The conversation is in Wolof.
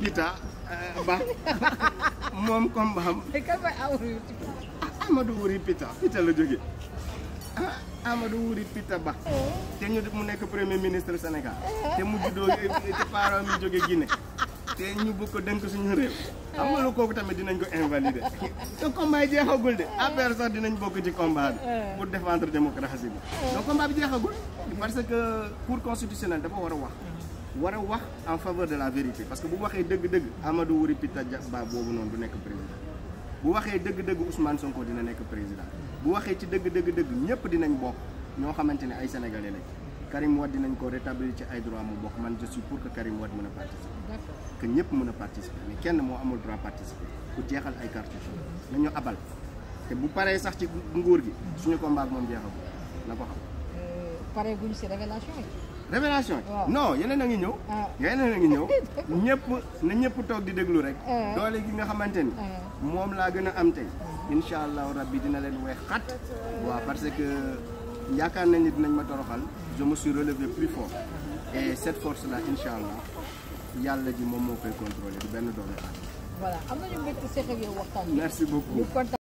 Dita eh, Ba ah, mau comme baam Amadou Wuri Pita Pita la jóge ah, Amadou ah, Wuri Pita Ba te ñu mu nekk premier ministre Sénégal te mu juddoo te parents mi jóge Guinée te ñu bëgg ko dénk suñu réew xam nga lu kooku tamit dinañ ko invalider te combat yi jeexagul de affaire sax dinañ bokk ci combat Udah pour défendre démocratie bi donc combat bi jeexagul parce que cour constitutionnelle dafa war wax war a wax en faveur de la vérité parce que bu waxee dëgg-dëgg Amadou Wuri Pita Ba boobu noonu du nekk président bu waxee dëgg-dëgg Ousmane Sonko dina nekk président bu waxee ci dëgg-dëgg-dëgg ñëpp dinañ bokk ñoo xamante ne ay sénégalais lañ Karim Wade dinañ ko rétablir ci ay droit mu bokk man je suis pour que Karim Wade mën a participer que ñëpp mën a participer mais kenn moo amul droit participer ku jeexal ay cartouches nañu abal te bu paree sax ci nguur gi suñu ko xam. Euh, pareeguñ si révélation yi révélation yi non yeneen a ngi ñëw ah. yeneen ngi ñëw ñëpp na ñëpp toog di déglu rek ah. doole gi nga xamante ni ah. moom laa gën a am tey incha allahu rabbi dina leen weex xat waaw parce que yaakaar nañ ni dinañ ma toroxal je me suis relevé plus fort et cette force là incha allah yàlla ji moom moo koy contrôler du benn doomu aadama voilà am nañu